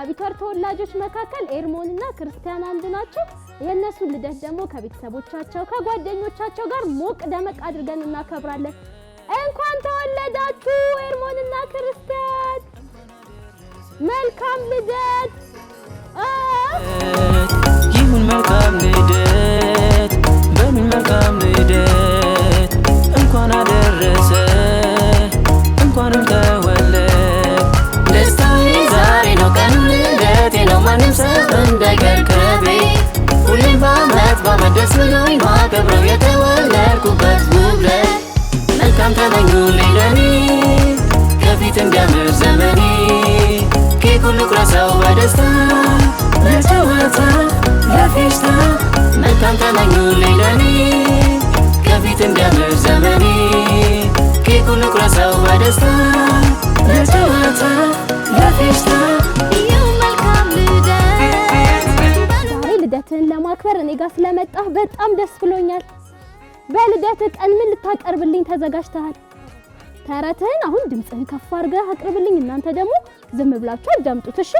የጋቢተር ተወላጆች መካከል ኤርሞንና ክርስቲያን አንዱ ናቸው። የእነሱን ልደት ደግሞ ከቤተሰቦቻቸው ከጓደኞቻቸው ጋር ሞቅ ደመቅ አድርገን እናከብራለን። እንኳን ተወለዳችሁ ኤርሞንና ክርስቲያን፣ መልካም ልደት ይሁን። መልካም ልደት በሉኝ። መልካም ልደት እንኳን አደረሰ እንኳንም ማረቴ ነው ማንም ሰው እንደገር ከቤ ሁሌም በአመት በአመት ደስ ብሎኝ ማከብረው የተወለድኩበት ውብለት መልካም ተመኙልኝ ለኔ ከፊት እንዲያምር ዘመኔ ኬክ ሁሉ ቁረሰው በደስታ ለጨዋታ ለፌሽታ መልካም ተመኙልኝ ለኔ ከፊት እንዲያምር ዘመኔ ኬክ ሁሉ ቁረሰው በደስታ ጋር ስለመጣህ በጣም ደስ ብሎኛል። በልደት ቀን ምን ልታቀርብልኝ ተዘጋጅተሃል? ተረትህን አሁን ድምፅህን ከፍ አድርገህ አቅርብልኝ። እናንተ ደግሞ ዝም ብላችሁ አዳምጡት። እሺ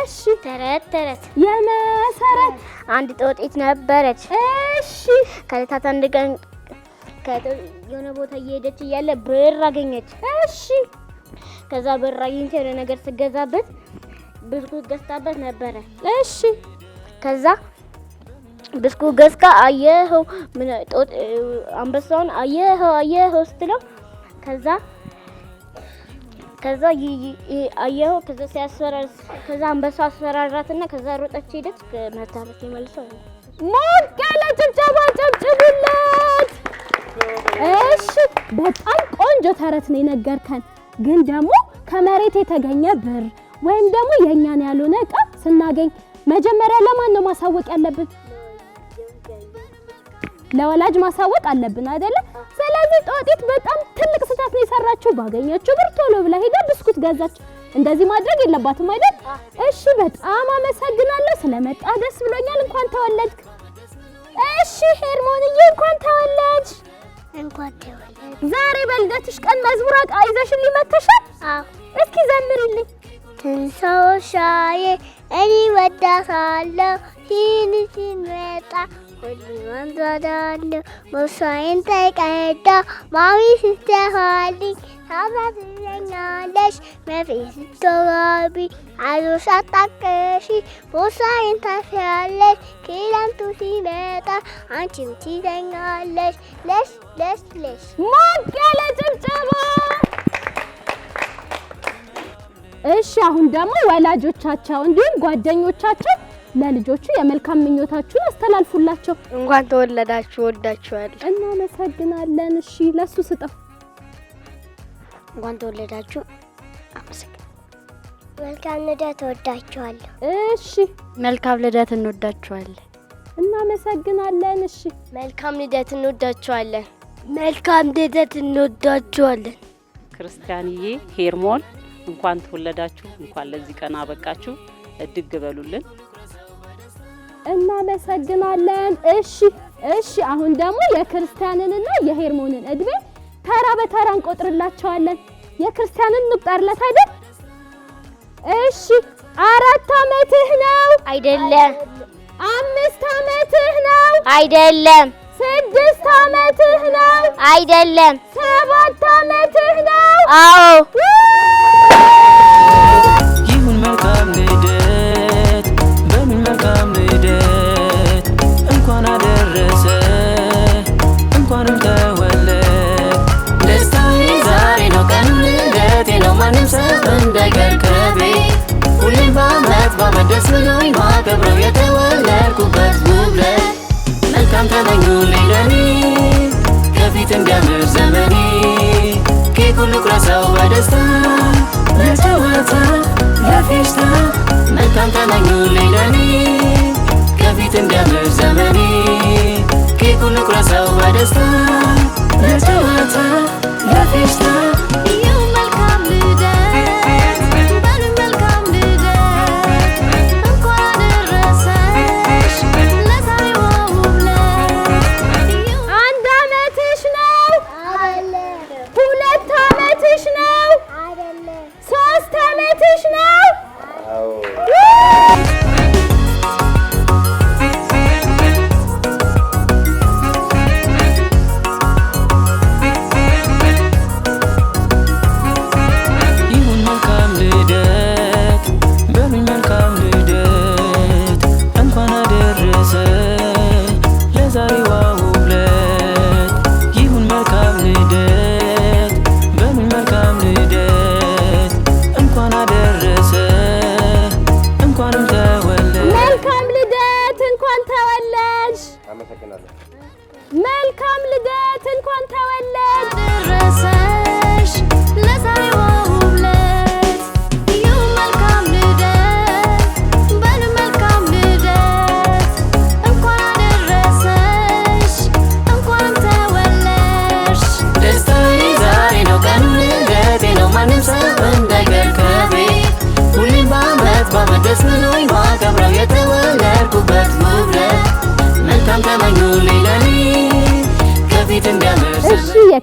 እሺ። ተረት ተረት የመሰረት አንድ ጦጢት ነበረች። እሺ። ከዕለታት አንድ ቀን የሆነ ቦታ እየሄደች እያለ ብር አገኘች። እሺ። ከዛ ብር አግኝቼ የሆነ ነገር ስገዛበት ብስኩት ገዝታበት ነበረ። እሺ። ከዛ ድስኩ ገዝካ አየኸው አንበሳውን አየኸው አየኸው ስትለው ከዛ ከዛ አየኸው ከዛ ሲያስፈራ ከዛ አንበሳ አስፈራራትና ከዛ ሮጠች ሄደች። መታረፍ ይመልሰው ሞቅ ያለ ጭብጨባ ጨብጭቡለት። እሺ በጣም ቆንጆ ተረት ነው የነገርከን። ግን ደግሞ ከመሬት የተገኘ ብር ወይም ደግሞ የእኛን ያልሆነ እቃ ስናገኝ መጀመሪያ ለማን ነው ማሳወቅ ያለብን? ለወላጅ ማሳወቅ አለብን አይደለ? ስለዚህ ጦጢት በጣም ትልቅ ስህተት ነው የሰራችው። ባገኘችው ብር ቶሎ ብላ ሄዳ ብስኩት ገዛች። እንደዚህ ማድረግ የለባትም አይደል? እሺ፣ በጣም አመሰግናለሁ ስለመጣ ደስ ብሎኛል። እንኳን ተወለድክ። እሺ ሄርሞንዬ፣ እንኳን ተወለድ እንኳን ተወለድ። ዛሬ በልደትሽ ቀን መዝሙር አይዘሽን ሊመተሻል። እስኪ ዘምሪልኝ። ሻዬ እኔ ወዳታለሁ ሲን ሲመጣ ሁሉም ዛዳለ ሙሳይን ተቀዳ ማሚ ስትሆልኝ ታበዝኛለሽ መፌ ስትጋቢ አዞሻ ታቀሺ ሙሳይን ታፊያለሽ ክረምቱ እሺ አሁን ደግሞ ወላጆቻቸው እንዲሁም ጓደኞቻቸው ለልጆቹ የመልካም ምኞታችሁን አስተላልፉላቸው። እንኳን ተወለዳችሁ፣ ወዳችኋል። እናመሰግናለን። እሺ፣ ለሱ ስጠው። እንኳን ተወለዳችሁ፣ አመሰግናለሁ። መልካም ልደት፣ ወዳችኋለሁ። እሺ፣ መልካም ልደት፣ እንወዳችኋለን። እናመሰግናለን። እሺ፣ መልካም ልደት፣ እንወዳችኋለን። መልካም ልደት፣ እንወዳችኋለን። ክርስቲያንዬ ሄርሞን እንኳን ተወለዳችሁ፣ እንኳን ለዚህ ቀን አበቃችሁ። እድግ በሉልን። እናመሰግናለን። እሺ እሺ፣ አሁን ደግሞ የክርስቲያንንና የሄርሞንን እድሜ ተራ በተራ እንቆጥርላቸዋለን። የክርስቲያንን እንቁጠርላት አይደል? እሺ፣ አራት አመትህ ነው አይደለም? አምስት አመትህ ነው አይደለም? ስድስት አመትህ ነው አይደለም? ሰባት አመትህ ነው? አዎ አመት ብሎኝ ማከብረው የተወለድኩበት ውብለት መልካም ተመኙልኝ ለኔ ከፊት እንዲያምር ዘመኔ ኬኩን ልቁረሰው በደስታ ለጨዋታ ለፌሽታ መልካም ተመኙልኝ ለኔ ከፊት እንዲያምር ዘመኔ ኬኩን ልቁረሰው በደስታ ለጨዋታ ለፌሽታ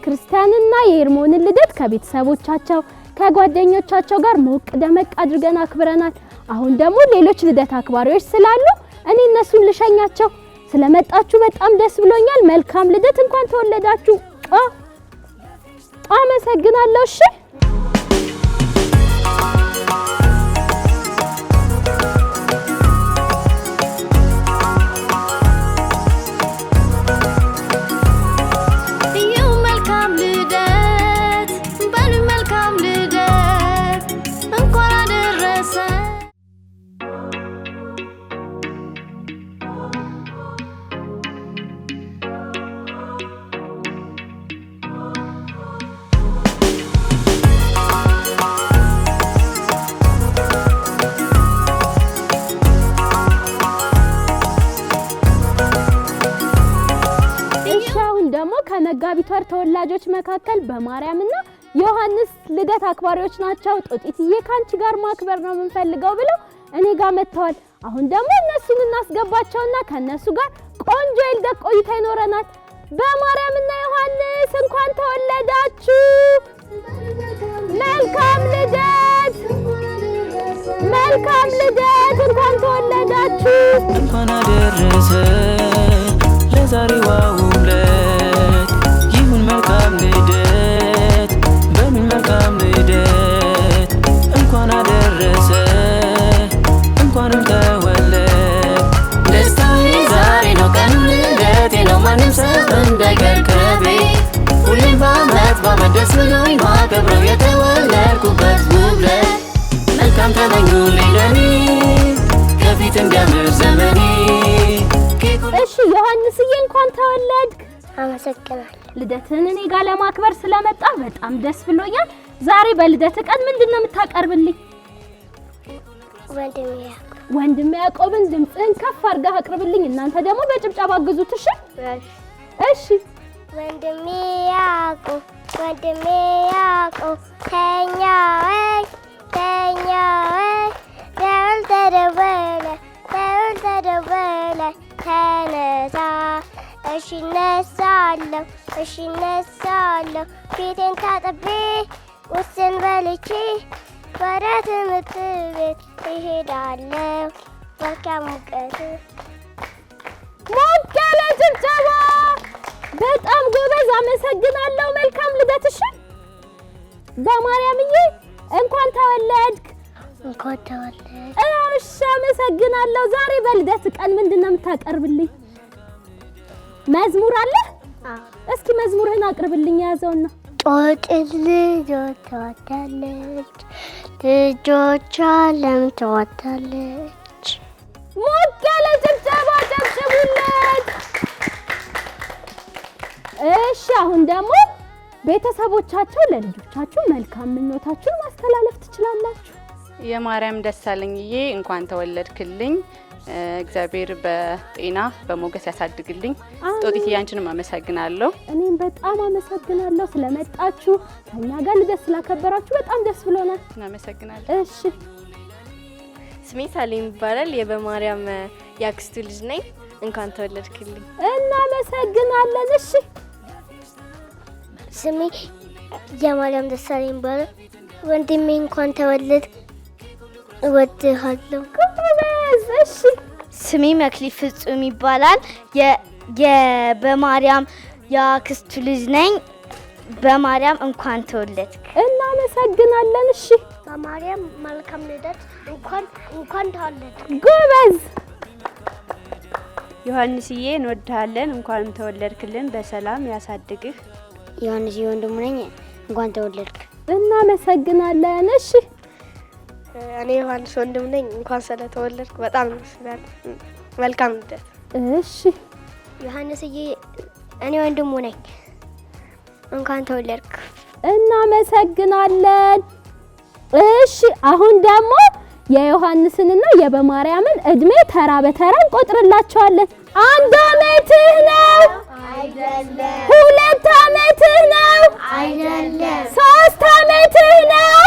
ክርስቲያንና የኤርሞንን ልደት ከቤተሰቦቻቸው ከጓደኞቻቸው ጋር ሞቅ ደመቅ አድርገን አክብረናል። አሁን ደግሞ ሌሎች ልደት አክባሪዎች ስላሉ እኔ እነሱን ልሸኛቸው። ስለመጣችሁ በጣም ደስ ብሎኛል። መልካም ልደት። እንኳን ተወለዳችሁ። አመሰግናለሁ። እሺ የዘቢቷር ተወላጆች መካከል በማርያምና ዮሐንስ ልደት አክባሪዎች ናቸው። ጦጢትዬ ካንቺ ጋር ማክበር ነው የምንፈልገው ብለው እኔ ጋር መጥተዋል። አሁን ደግሞ እነሱን እናስገባቸውና ከነሱ ጋር ቆንጆ የልደት ቆይታ ይኖረናል። በማርያምና ዮሐንስ እንኳን ተወለዳችሁ። መልካም ልደት፣ መልካም ልደት። እንኳን ተወለዳችሁ። እንኳን አደረሰ ለዛሬዋው ብርሃንም ሁሌም ማከብረው የተወለድኩበት መልካም ተመኙልኝ ለኔ ከፊት እንዲያምር ዘመኔ። እሺ ዮሐንስዬ፣ እንኳን ተወለድክ። አመሰግናለሁ። ልደትህን እኔ ጋር ለማክበር ስለመጣ በጣም ደስ ብሎኛል። ዛሬ በልደት ቀን ምንድን ነው የምታቀርብልኝ? ወንድሜ ወንድም ያዕቆብን ድምፅህን ከፍ አድርገህ አቅርብልኝ። እናንተ ደግሞ በጭብጨባ አግዙት። እሺ እሺ። ወንድሜ ያዕቆብ ወንድሜ ያዕቆብ ተኛ ወይ ተኛ ወይ ደውል ተደወለ ደውል ተደወለ ተነሳ። እሺ እነሳለሁ እሺ እነሳለሁ ፊቴን ታጥቤ ቁርስን በልቼ ወደ ትምህርት ቤት እሄዳለሁ። መልካም ሙቀት ሞቅ ያለ ጭብጨባ። በጣም ጎበዝ፣ አመሰግናለሁ። መልካም ልደትሽን በማርያምዬ እንኳን ተወለድክ። እንኳን ተወለድክ። እሺ፣ አመሰግናለሁ። ዛሬ በልደት ቀን ምንድን ነው የምታቀርብልኝ? መዝሙር አለ? እስኪ መዝሙርህን አቅርብልኝ። የያዘውን ነው ጦጥል ተወዳለች ልጆቿ ለምን ትወዳለች? ሞቅ ያለ ጭብጨባ ጨብጭቡለት። እሺ አሁን ደግሞ ቤተሰቦቻቸው ለልጆቻችሁ መልካም ምኞታችሁን ማስተላለፍ ትችላላችሁ። የማርያም ደሳለኝዬ እንኳን ተወለድክልኝ። እግዚአብሔር በጤና በሞገስ ያሳድግልኝ። ጦጢት ያንቺንም አመሰግናለሁ። እኔም በጣም አመሰግናለሁ ስለመጣችሁ ከኛ ጋር ልደት ስላከበራችሁ በጣም ደስ ብሎናል። እናመሰግናለን። እሺ፣ ስሜ ሳሌም ይባላል። የበማርያም የአክስቱ ልጅ ነኝ። እንኳን ተወለድክልኝ። እናመሰግናለን። እሺ፣ ስሜ የማርያም ደሳሌ ይባላል። ወንድሜ እንኳን ተወለድ እወድሃለሁ። እሺ፣ ስሜ መክሊ ፍጹም ይባላል። በማርያም የአክስቱ ልጅ ነኝ። በማርያም እንኳን ተወለድክ። እናመሰግናለን። እሺ፣ በማርያም መልካም ልደት። እንኳን እንኳን ተወለድክ። ጎበዝ ዮሐንስዬ፣ እንወድሃለን። እንኳንም ተወለድክልን። በሰላም ያሳድግህ። ዮሐንስዬ ወንድሙ ነኝ። እንኳን ተወለድክ። እናመሰግናለን። እሺ እኔ ዮሐንስ ወንድም ነኝ። እንኳን ስለተወለድኩ በጣም ይመስላል። መልካም ልደት። እሺ ዮሐንስዬ፣ እኔ ወንድሙ ነኝ። እንኳን ተወለድክ። እናመሰግናለን። እሺ አሁን ደግሞ የዮሐንስንና የበማርያምን እድሜ ተራ በተራ እንቆጥርላቸዋለን። አንድ አመትህ ነው አይደለም? ሁለት አመትህ ነው አይደለም? ሶስት አመትህ ነው?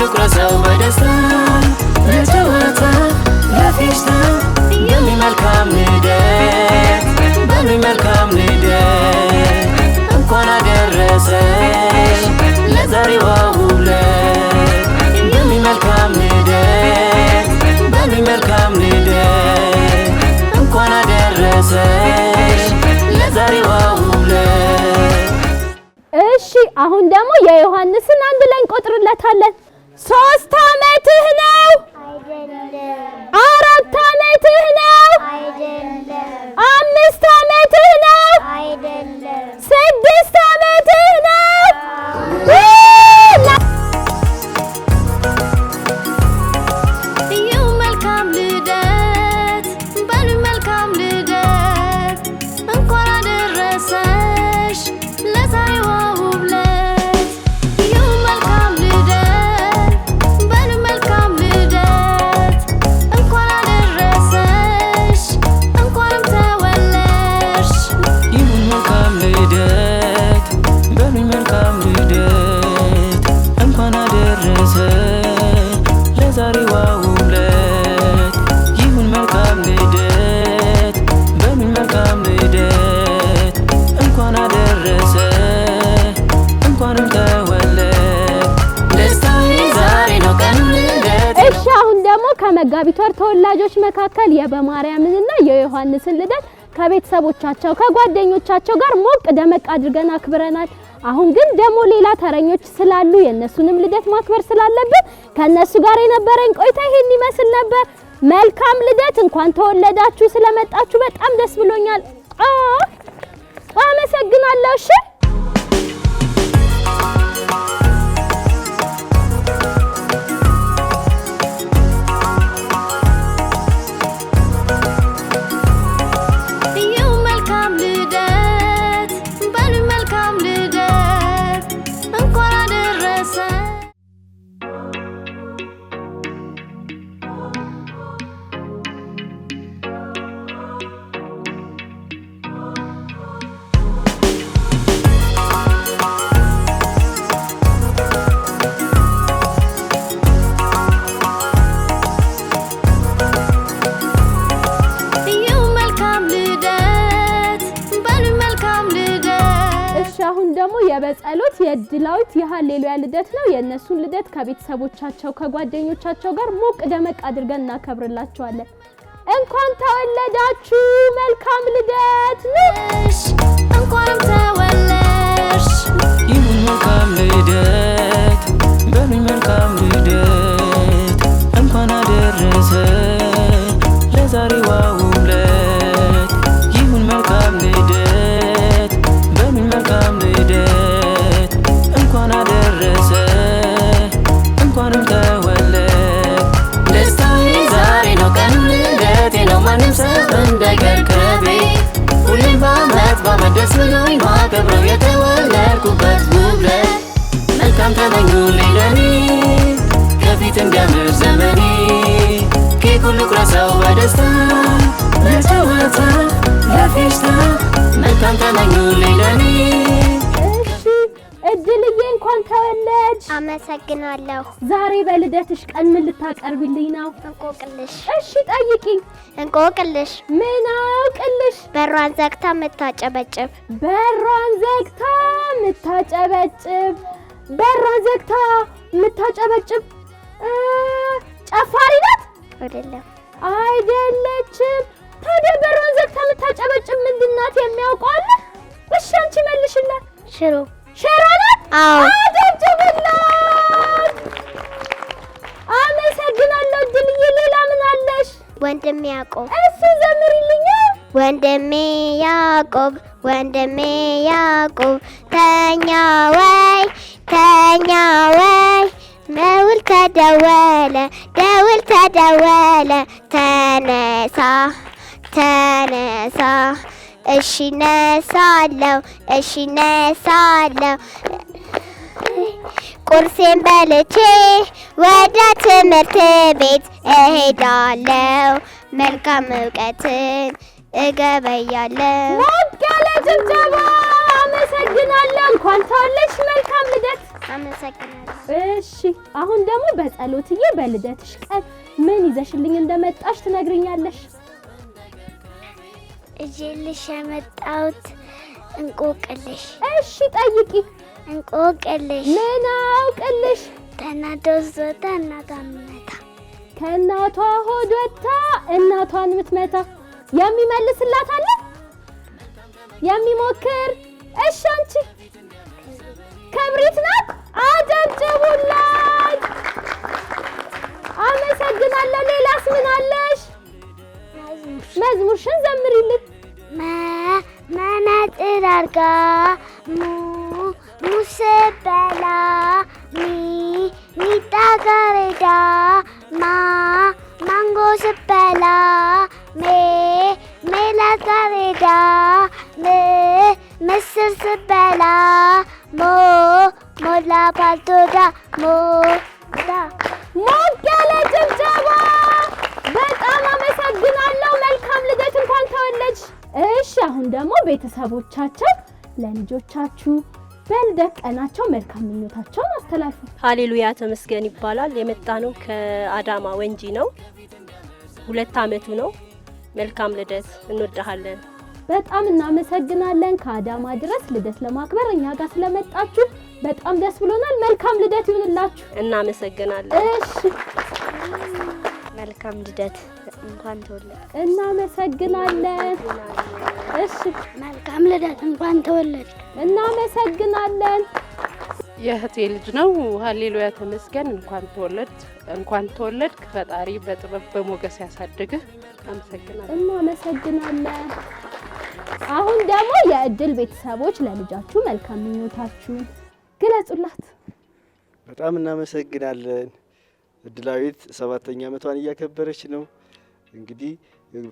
ልቁረሰው በደስታ ለጨዋታ ለፊሽታ በኔ ልደት በኔ ልደት እንኳን አደረሰሽ ለዛሬዋ ውለት በኔ ልደት በኔ ልደት እንኳን አደረሰሽ ለዛሬዋ ውለት እሺ አሁን ደግሞ የዮሐንስን አንድ ላይ እንቆጥርለታለን። ሶስት ዓመትህ ነው? አራት ዓመትህ ነው? አምስት ዓመትህ ነው? ስድስት ዓመትህ ነው? መካከል የበማርያምንና የዮሐንስን ልደት ከቤተሰቦቻቸው ከጓደኞቻቸው ጋር ሞቅ ደመቅ አድርገን አክብረናል። አሁን ግን ደግሞ ሌላ ተረኞች ስላሉ የእነሱንም ልደት ማክበር ስላለብን ከእነሱ ጋር የነበረኝ ቆይታ ይሄን ይመስል ነበር። መልካም ልደት! እንኳን ተወለዳችሁ። ስለመጣችሁ በጣም ደስ ብሎኛል። አመሰግናለሁ። እሺ በጸሎት የድላዊት የሃሌሉያ ልደት ነው። የእነሱን ልደት ከቤተሰቦቻቸው ከጓደኞቻቸው ጋር ሞቅ ደመቅ አድርገን እናከብርላቸዋለን። እንኳን ተወለዳችሁ፣ መልካም ልደት። እንኳንም ይሁን መልካም ልደት በሉኝ፣ መልካም ልደት እንኳን አደረሰ ለዛሬዋ ማንም ሰብ እንዳይቀር ሁሌም በአምላክ በአማን ደስ ብሎኝ ማከብረው የተወለድኩበት ውብለት መልካም ተመኙልኝ ለኔ ከፊት እንዲያምር ዘመኔ ኬክ ሁሉ ቁረሰው በደስታ ለጨዋታ ለፌሽታ መልካም ተመኙልኝ ለኔ እልዬ እንኳን ተወለድሽ። አመሰግናለሁ። ዛሬ በልደትሽ ቀን ምን ልታቀርብልኝ ነው? እንቆቅልሽ። እሺ ጠይቂ እንቆቅልሽ። ምን አውቅልሽ? በሯን ዘግታ ምታጨበጭብ። በሯን ዘግታ ምታጨበጭብ። በሯን ዘግታ ምታጨበጭብ ጨፋሪ ናት? አይደለም። አይደለችም። ታዲያ በሯን ዘግታ ምታጨበጭብ ምንድን ናት? የሚያውቀው አለ? እሺ አንቺ ሽሮ አጨብጭቡላት። አመሰግናለሁ ድልዬ። ሌላ ምን አለሽ? ወንድሜ ያዕቆብ እሱ ዘምሪልኝ። ወንድሜ ያዕቆብ ወንድሜ ያዕቆብ ተኛ ወይ ተኛ ወይ ደውል ተደወለ ደውል ተደወለ ተነሳ ተነሳ እሺ ነሳለው እሺ ነሳለው ቁርሴን በልቼ ወደ ትምህርት ቤት እሄዳለሁ። መልካም እውቀትን እገበያለሁ። ሞቅ ያለ ጭብጨባ! አመሰግናለሁ። እንኳን ተወለድሽ። መልካም ልደት። አመሰግናለሁ። እሺ፣ አሁን ደግሞ በጸሎትዬ በልደትሽ ቀን ምን ይዘሽልኝ እንደመጣሽ ትነግርኛለሽ። እጄልሽ የመጣሁት እንቆቅልሽ። እሺ፣ ጠይቂ እንቆቅልሽ ምን አውቅልሽ ከእናቷ ሆድ እናቷን ምትመታ ከእናቷ ሆድ ወጥታ እናቷን ምትመታ የሚመልስላት አለ የሚሞክር? እሺ አንቺ ክብሪት ናት። አጨብጭቡላት። አመሰግናለሁ። ሌላስ ምን አለሽ? መዝሙርሽን ዘምሪልን። መነጽር አድርጋ ሙሴ በላ ሚ ሚጣ ገሬዳ ማ ማንጎ ስበላ ሜ ሜላ ገሬዳ ም ምስር ስበላ ሞ ሞላ ፓልቶዳ ሞ ዳ ሞቅ ያለ ጭብጨባ። በጣም አመሰግናለሁ። መልካም ልደት፣ እንኳን ተወለድሽ። እሺ አሁን ደግሞ ቤተሰቦቻችን ለልጆቻችሁ በልደት ቀናቸው መልካም ምኞታቸውን አስተላልፉ። ሀሌሉያ ተመስገን ይባላል። የመጣ ነው ከአዳማ ወንጂ ነው። ሁለት አመቱ ነው። መልካም ልደት፣ እንወዳሃለን። በጣም እናመሰግናለን። ከአዳማ ድረስ ልደት ለማክበር እኛ ጋር ስለመጣችሁ በጣም ደስ ብሎናል። መልካም ልደት ይሁንላችሁ። እናመሰግናለን። እሺ፣ መልካም ልደት እንኳን ተወለድ። እናመሰግናለን። እሺ፣ መልካም ልደት እንኳን ተወለድ እናመሰግናለን። የእህቴ ልጅ ነው። ሀሌሉያ ተመስገን። እንኳን ተወለድ እንኳን ተወለድክ። ፈጣሪ በጥበብ በሞገስ ያሳድግህ። አመሰግናለን። እናመሰግናለን። አሁን ደግሞ የእድል ቤተሰቦች ለልጃችሁ መልካም ምኞታችሁ ግለጹላት። በጣም እናመሰግናለን። እድላዊት ሰባተኛ ዓመቷን እያከበረች ነው እንግዲህ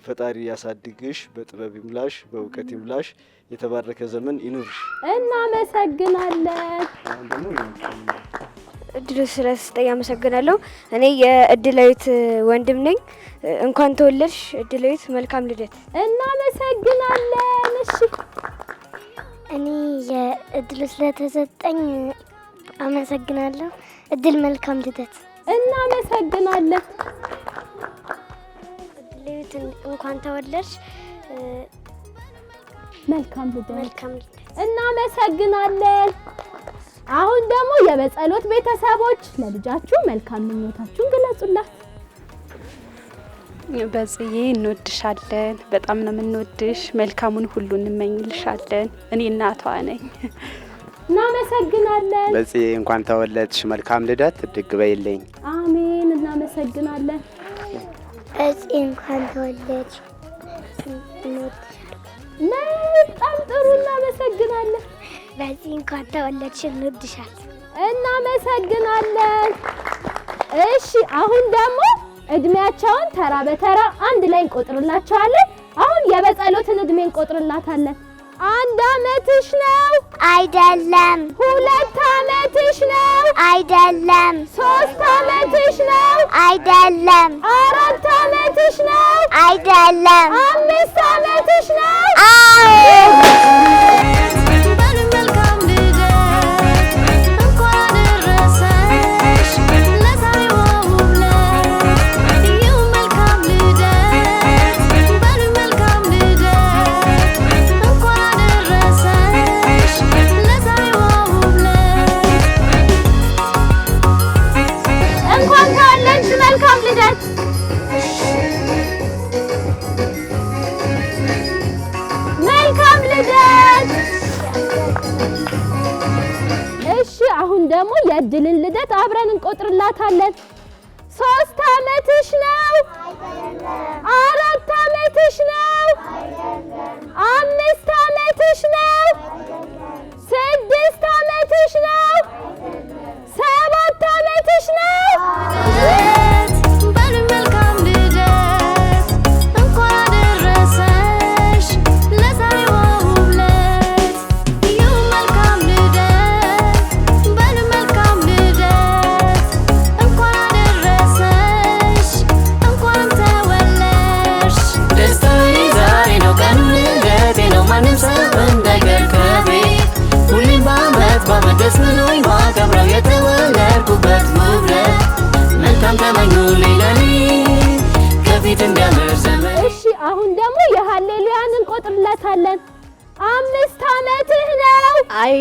ፈጣሪ ያሳድግሽ፣ በጥበብ ይምላሽ፣ በእውቀት ይምላሽ፣ የተባረከ ዘመን ይኑርሽ። እናመሰግናለን። እድሉ ስለስጠኝ አመሰግናለሁ። እኔ የእድላዊት ወንድም ነኝ። እንኳን ተወለድሽ እድላዊት፣ መልካም ልደት። እናመሰግናለን። እሺ እኔ የእድሉ ስለተሰጠኝ አመሰግናለሁ። እድል፣ መልካም ልደት። እናመሰግናለን። እንኳን ተወለድሽ። መልካም ልደት። እናመሰግናለን። አሁን ደግሞ የበጸሎት ቤተሰቦች ለልጃችሁ መልካም ምኞታችሁን ግለጹላት። በጽዬ እንወድሻለን። በጣም ነው የምንወድሽ። መልካሙን ሁሉ እንመኝልሻለን። እኔ እናቷ ነኝ። እናመሰግናለን። በጽዬ እንኳን ተወለድሽ። መልካም ልደት። እድግ በይልኝ። አሜን። እናመሰግናለን። እጽ እንኳን ተወለድሽ። በጣም ጥሩ እናመሰግናለን። በዚህ እንኳን ተወለድሽ እንወድሻለን። እናመሰግናለን። እሺ አሁን ደግሞ እድሜያቸውን ተራ በተራ አንድ ላይ እንቆጥርላቸዋለን። አሁን የበጸሎትን እድሜ እንቆጥርላታለን። አንድ አመትሽ ነው አይደለም? ሁለት አመትሽ ነው አይደለም? ሶስት አመትሽ ነው አይደለም? አራት አመትሽ ነው አይደለም? አምስት አመትሽ ነው? አዎ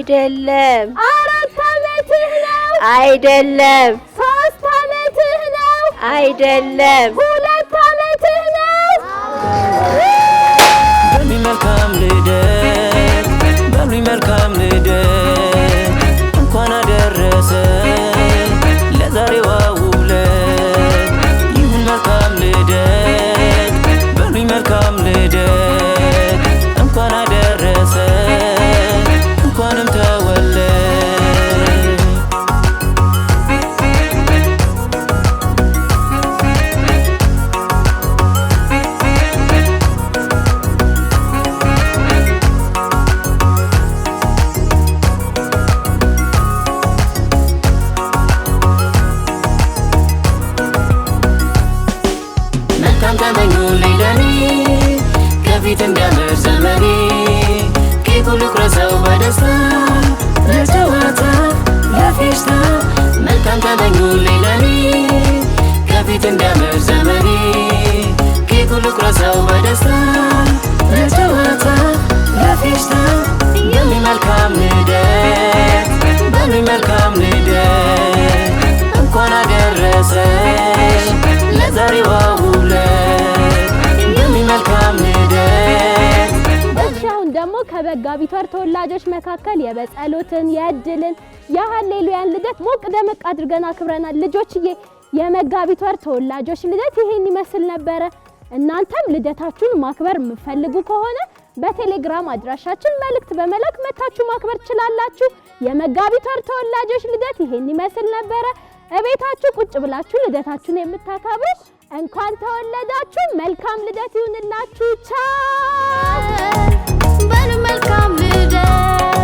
አይደለም። አራት ዓመትህ ነው አይደለም። ሶስት ዓመትህ ነው አይደለም። መጋቢት ወር ተወላጆች መካከል የበጸሎትን፣ የእድልን፣ የሀሌሉያን ልደት ሞቅ ደመቅ አድርገን አክብረናል። ልጆችዬ የመጋቢት ወር ተወላጆች ልደት ይሄን ይመስል ነበረ። እናንተም ልደታችሁን ማክበር የምፈልጉ ከሆነ በቴሌግራም አድራሻችን መልእክት በመላክ መታችሁ ማክበር ትችላላችሁ። የመጋቢት ወር ተወላጆች ልደት ይሄን ይመስል ነበረ። እቤታችሁ ቁጭ ብላችሁ ልደታችሁን የምታከብሩ እንኳን ተወለዳችሁ። መልካም ልደት ይሁንላችሁ። ቻው بل ملكم مدام